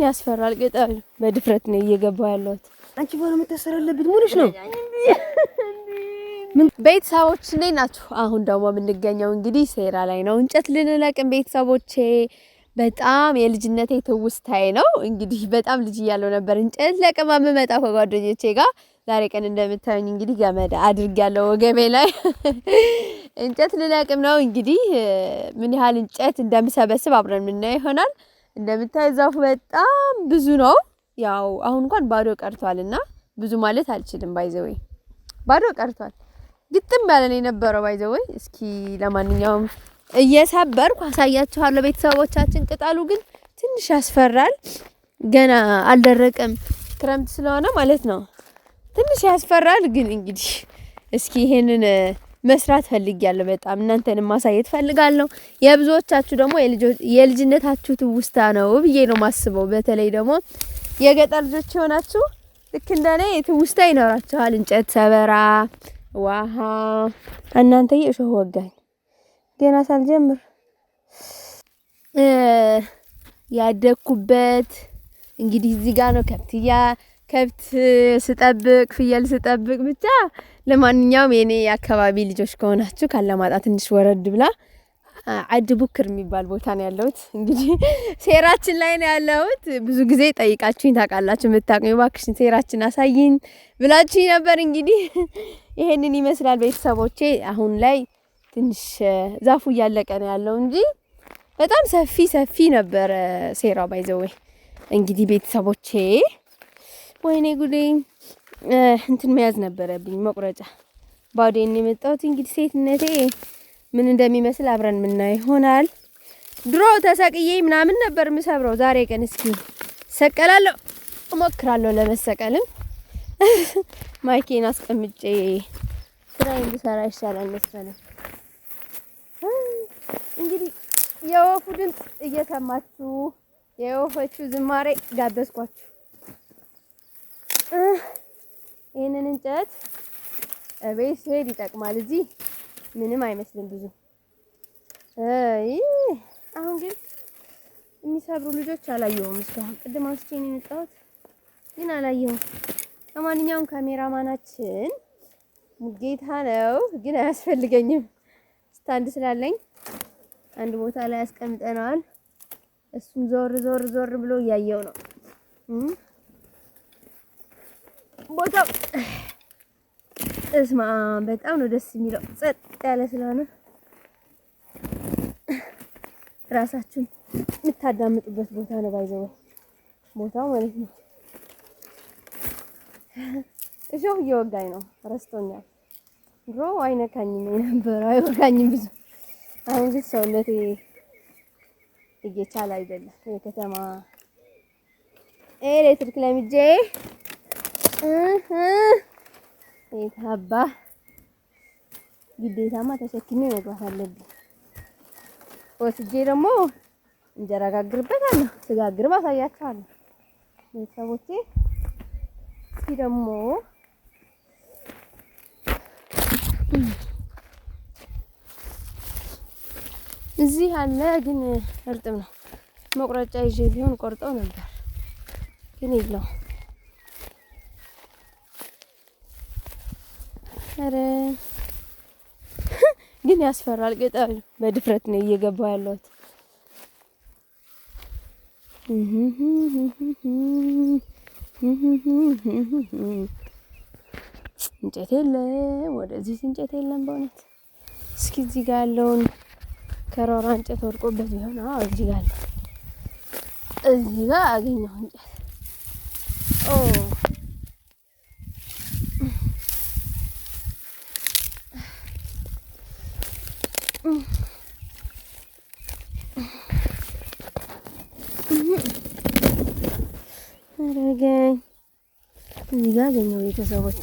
ግን ያስፈራል። ቅጠሉ በድፍረት ነው እየገባው ያለሁት። አንቺ በኋላ መታሰር ሙሉሽ ነው። ቤተሰቦች እንዴት ናችሁ? አሁን ደግሞ የምንገኘው እንግዲህ ሴራ ላይ ነው። እንጨት ልንለቅም ቤተሰቦቼ በጣም የልጅነቴ ትውስታዬ ነው። እንግዲህ በጣም ልጅ እያለሁ ነበር እንጨት ለቅማ የምመጣ ከጓደኞቼ ጋር። ዛሬ ቀን እንደምታዩኝ እንግዲህ ገመድ አድርጌያለሁ ወገቤ ላይ። እንጨት ልለቅም ነው እንግዲህ ምን ያህል እንጨት እንደምሰበስብ አብረን የምናየው ይሆናል። እንደምታይ ዛፉ በጣም ብዙ ነው። ያው አሁን እንኳን ባዶ ቀርቷል እና ብዙ ማለት አልችልም። ባይዘወይ ባዶ ቀርቷል። ግጥም ያለን የነበረው ባይዘወይ። እስኪ ለማንኛውም እየሰበርኩ አሳያችኋለሁ ቤተሰቦቻችን። ቅጠሉ ግን ትንሽ ያስፈራል። ገና አልደረቀም ክረምት ስለሆነ ማለት ነው። ትንሽ ያስፈራል። ግን እንግዲህ እስኪ ይሄንን መስራት ፈልጊያለሁ። በጣም እናንተንም ማሳየት ፈልጋለሁ። የብዙዎቻችሁ ደግሞ የልጅነታችሁ ትውስታ ነው ብዬ ነው ማስበው። በተለይ ደግሞ የገጠር ልጆች የሆናችሁ ልክ እንደኔ ትውስታ ይኖራችኋል። እንጨት ሰበራ፣ ዋሃ እናንተዬ እሾህ ወጋኝ ገና ሳልጀምር ያደግኩበት እንግዲህ እዚህ ጋር ነው። ከብትያ ከብት ስጠብቅ፣ ፍየል ስጠብቅ ብቻ ለማንኛውም የኔ የአካባቢ ልጆች ከሆናችሁ ካለማጣ ትንሽ ወረድ ብላ አድ ቡክር የሚባል ቦታ ነው ያለሁት። እንግዲህ ሴራችን ላይ ነው ያለሁት። ብዙ ጊዜ ጠይቃችሁኝ ታውቃላችሁ። የምታውቁኝ ባክሽን ሴራችን አሳይን ብላችሁኝ ነበር። እንግዲህ ይሄንን ይመስላል ቤተሰቦቼ። አሁን ላይ ትንሽ ዛፉ እያለቀ ነው ያለው እንጂ በጣም ሰፊ ሰፊ ነበር ሴራው ባይዘወይ። እንግዲህ ቤተሰቦቼ ወይኔ ጉዴ እንትን መያዝ ነበረብኝ መቁረጫ። ባዶዬን የመጣሁት እንግዲህ ሴትነቴ ምን እንደሚመስል አብረን የምናየው ይሆናል። ድሮ ተሰቅዬ ምናምን ነበር የምሰብረው። ዛሬ ቀን እስኪ ሰቀላለሁ፣ እሞክራለሁ ለመሰቀልም ማይኬን አስቀምጬ ስራ እንድሰራ ይሻላል መሰለኝ። እንግዲህ የወፉ ድምፅ እየሰማችሁ የወፎቹ ዝማሬ ጋበዝኳችሁ። ይህንን እንጨት እቤት ስሄድ ይጠቅማል። እዚህ ምንም አይመስልም ብዙ። አሁን ግን የሚሰብሩ ልጆች አላየሁም እስካሁን። ቅድም አንስቼ ነው የመጣሁት ግን አላየሁም። ለማንኛውም ካሜራማናችን ሙጌታ ነው፣ ግን አያስፈልገኝም። ስታንድ ስላለኝ አንድ ቦታ ላይ አስቀምጠነዋል። እሱም ዞር ዞር ዞር ብሎ እያየው ነው። ቦታው እስማ በጣም ነው ደስ የሚለው ጸጥ ያለ ስለሆነ ራሳችሁን የምታዳምጡበት ቦታ ነው። ባይዘው ቦታው ማለት ነው። እሾህ እየወጋኝ ነው፣ ረስቶኛል። ድሮ አይነካኝም የነበረው አይወጋኝም ብዙ። አሁን ግን ሰውነቴ እየቻለ አይደለም። የከተማ ኤሌክትሪክ ለምጄ ቤታባ ግዴታማ ተሸክሜ መግባት አለብኝ። ወስጄ ደግሞ እንጀራ ጋግርበታለሁ፣ ስጋግር አሳያችኋለሁ ቤተሰቦቼ። እስኪ ደግሞ እዚህ አለ፣ ግን እርጥብ ነው። መቁረጫ ይዤ ቢሆን ቆርጠው ነበር፣ ግን የለውም ኧረ ግን ያስፈራል ቅጠሉ። በድፍረት ነው እየገባ ያለሁት። እንጨት የለም፣ ወደዚህ እንጨት የለም። በእውነት እስኪ እዚህ ጋር ያለውን ከሮራ እንጨት ወድቆበት ቢሆን አዎ፣ እዚህ ጋር አለ። እዚህ ጋር አገኘሁ እንጨት እዚህ ጋር አገኘው። ቤተሰቦች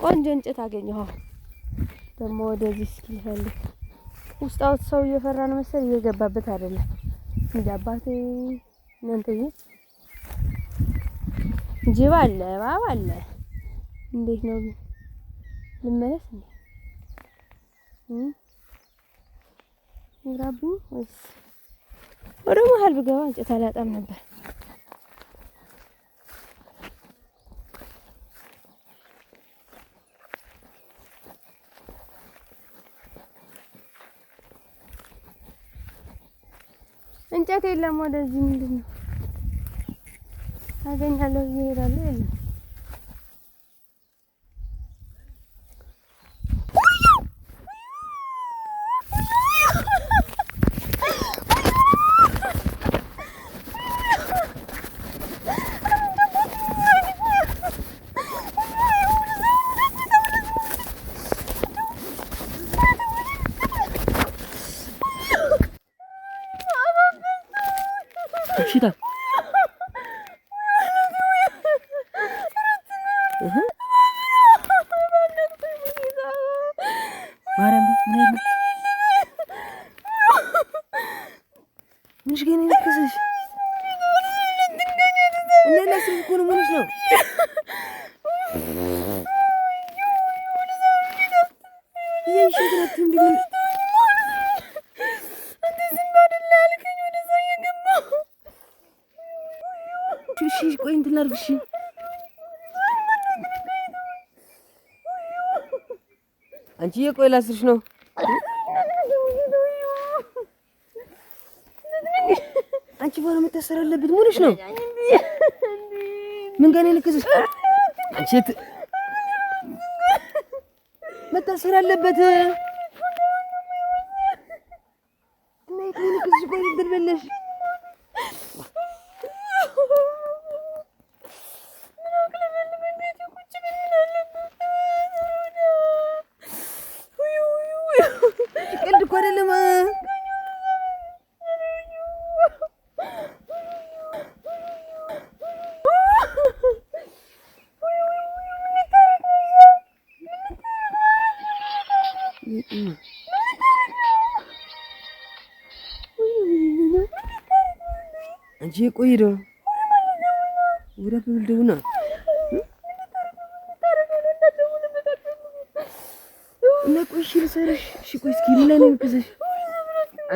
ቆንጆ እንጨት አገኘሁ። ደግሞ ወደዚህ እስኪ ልፈልግ። ውስጣውት ሰው እየፈራ ነው መሰል እየገባበት አይደለም። እንደ አባቴ እናንተ ጅብ አለ፣ እባብ አለ። እንዴት ነው ልመለስ እ ምራቡ ወይስ ወደ መሀል ብገባ እንጨት አላጣም ነበር። እንጨት የለም። ወደዚህ ምንድን ነው አገኛለሁ? እዚህ እሄዳለሁ። የለም ምንሽ ግን ይነከሰሽ ነው ምንሽ ነው ቆይ እንትን ላድርግሽ። አንቺዬ ቆይ ላስርሽ ነው ባለ መታሰር አለበት። ሙሉሽ ነው ምን ጋር ነው የለከሰሽ? አንቺ መታሰር አለበት። አንቺ ቆይ ነው ወደ ብልደውና እና ቆይ እሺ ልሰረሽ እሺ ቆይ እስኪ ምን ላይ ነው የምከሰሽ?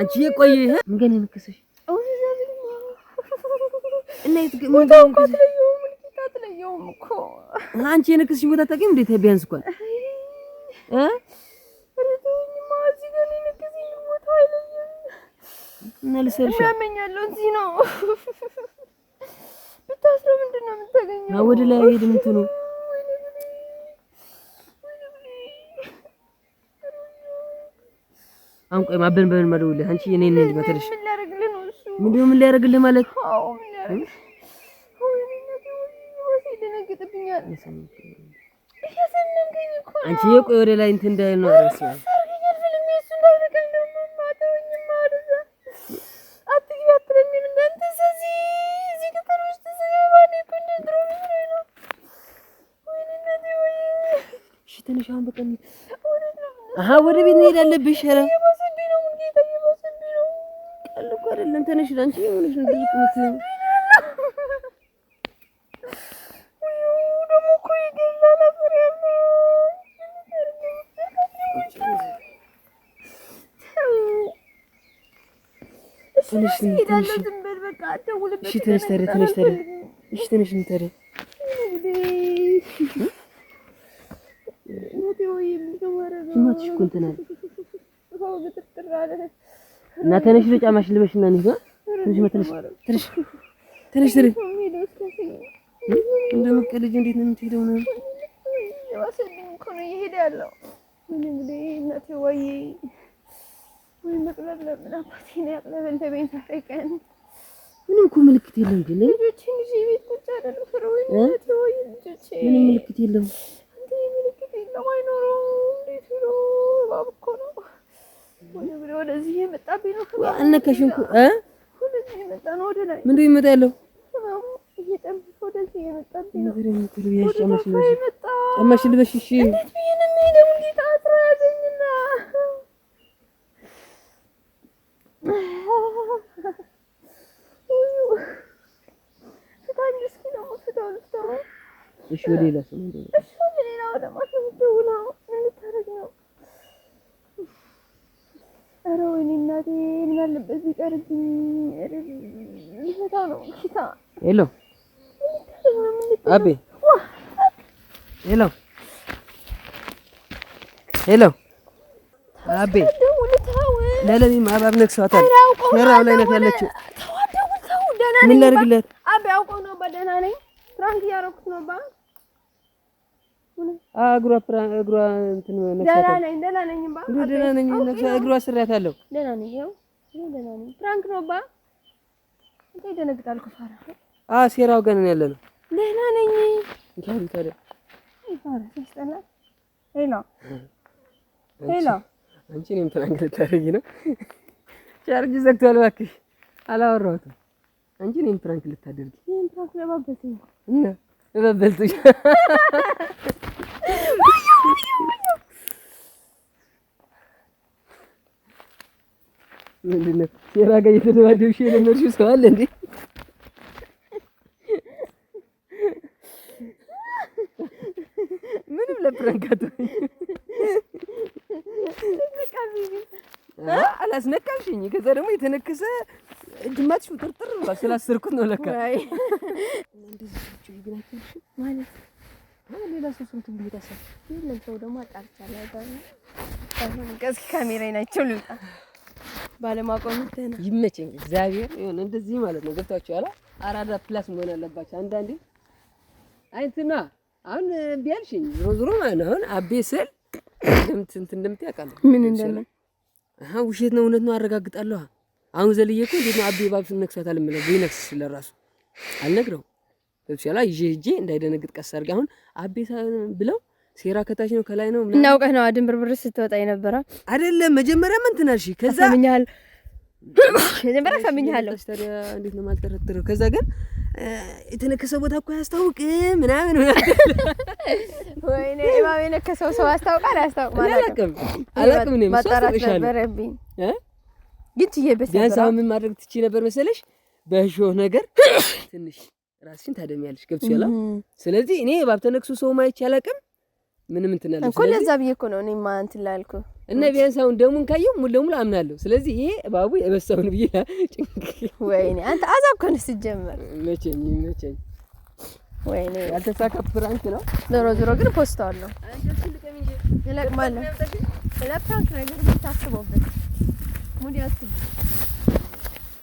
አንቺ ቆይ ምን ገና ነው እና የት ግን ምን ጋር ነው አንቺ የነከስሽ ቦታ ታውቂም እንዴት ቢያንስ እንኳን እ ያመኛለሁ። እዚህ ነው ምንድን ነው የምታገኘው? ወደ ላይ ሄድም እንትኑ አሁን ቆይ ማበን በምን መደውልህ አንቺ እኔ ነኝ መተልሽ ምንድን ነው ምን ሊያደርግልህ ማለት አንቺ ቆይ ወደ ላይ እንትን እንዳይል ነው አረስ ትንሽ አሁን በቀን አሀ ወደ ቤት መሄድ አለብሽ። ኧረ እየባሰብኝ ነው ጌታ፣ እየባሰብኝ ነው። ቀልድ እኮ አይደለም። ትንሽ ላንቺ የሆነች ነው የምትይው ደግሞ እኮ ይገላል ነበር ያለው ትንሽ ትንሽ ትንሽ ትንሽ ትንሽ ስማትሽ እኮ እንትን አለ እና ተነሽ፣ ነው ጫማሽ ልበሽ እና ነው ትንሽ መተነሽ ትንሽ ትንሽ ትንሽ እንደ ልጅ እንዴት ነው የምትሄደው? ነው የባሰልኝ እኮ ነው እየሄደ ያለው። ምን እንግዲህ እናቴ ወይ ወይ መቅለብለብ ምን አባቴ ነው ያቅለበለበኝ ዛሬ ቀን ምንም እኮ ምልክት የለም ግን ልጆቼ ልጅ ቤት ቁጭ አይደለም ፍረው ወይ ልጆቼ ምንም ምልክት የለም እንዴ ምልክት የለም አይኖረውም አንነካ ሽንኩ እ ምንድን ነው የመጣ ያለው? ጫማሽ ልበሽ እሺ። እሺ ወደ ሌላ ሰው ማለት ነው። ኧረ ወይኔ እናቴ ምን አለበት ቢቀርብኝ ልፈታ ነው። ኪታ ሄሎ፣ አቤ፣ ሄሎ፣ ሄሎ፣ አቤ፣ ለለሚ ማባብ ነክሷታል። ሸራው ላይ ነው ያለችው። ምን ላድርግለት አቤ? አውቀው ነው በደህና ነኝ። ፍራንክ እያደረኩት ነው ባ እግሯ እግሯ እንትን ደህና ነኝ ደህና ነኝ ባ እግሯ ስራት አለው ደህና ነኝ ይኸው ደህና ነኝ ፍራንክ ነው ባ እንዴ ደነግጣል ኩፋራ አ ሴራው ገና ነው ያለነው ደህና ነኝ ይካሉ ታዲያ ይፋራ ሲስተላ ሄሎ ሄሎ አንቺ እኔም ፍራንክ ልታደርጊ ነው ቻርጅ ዘግቷል እባክሽ አላወራሁትም አንቺ እኔም ፍራንክ ልታደርጊ እኔም ፍራንክ ለባበልተኝ እና ለባበልተኝ ምንድን ነው ሴራ ጋር እየተደባደብሽ የለመድሽው ሰው አለ እንዴ? ምንም ለፕረንካት አላስነካሽኝ። ከዛ ደግሞ የተነከሰ እጅማትሽ ውጥርጥር ብሏል። ስላሰርኩት ነው ለካ ማለት ሌላ ሰው ስንት ብሄታሰብ ይለም ሰው ደግሞ አጣርቻለሁ። ከዚህ ካሜራ ናቸው ልውጣ ባለማቋም ይመቸኝ እግዚአብሔር ይሁን። እንደዚህ ማለት ነው። ገብታችኋል። አራዳ ፕላስ መሆን አለባቸው አንዳንዴ። አይንትና አሁን እምቢ አልሽኝ። ዞሮ ዞሮ ማለት ነው። አሁን አቤ ስል እንትን እንደምትይ አውቃለሁ። ምን እንደምን አሃ፣ ውሸት ነው እውነት ነው አረጋግጣለሁ። አሁን ዘልዬ እኮ እንዴት ነው አቤ ባብሽን ነክሷታል የምለው ቢነክስ ስለራሱ አልነግረው ገብቶሻል። ይዤ ሂጄ እንዳይደነግጥ ቀስ አድርጌ አሁን አቤ ብለው ሴራ ከታች ነው ከላይ ነው እናውቀህ ነው። ድንብርብር ስትወጣ የነበረ አይደለም። መጀመሪያ ምን ትናልሽ? ከዛ ሰምኛል፣ መጀመሪያ ሰምኛለሁ። እንዴት ነው የማልጠረጥረው? ከዛ ግን የተነከሰው ቦታ እኮ ያስታውቅ ምናምን ወይኔ እማም የነከሰው ሰው አስታውቃል። አያስታውቅም? አላውቅም፣ አላውቅም። እኔም ማጣራት ነበረብኝ ግን ችዬ በስ ቢያንስ አሁን ምን ማድረግ ትችይ ነበር መሰለሽ? በሾህ ነገር ትንሽ ራስሽን ታደሚያለሽ። ገብቶሻል? ስለዚህ እኔ ባብተነክሱ ሰው ማይች አላውቅም ምንም እንትን አለ እኮ ለዛ ብዬ እኮ ነው እኔማ እንትን ላልኩ እና ቢያንስ አሁን ደሙን ካየሁ ሙሉ ለሙሉ አምናለሁ። ስለዚህ ይሄ እባቡ የበሳውን ብዬ ወይኔ አንተ አዛብ ከሆነ ሲጀመር መቼኝ መቼኝ ወይኔ ያልተሳካ ፕራንክ ነው። ዞሮ ዞሮ ግን ፖስታዋለሁ እለቅማለሁ። ስለ ፕራንክ ነገር ታስቦበት ሙድ ያስብ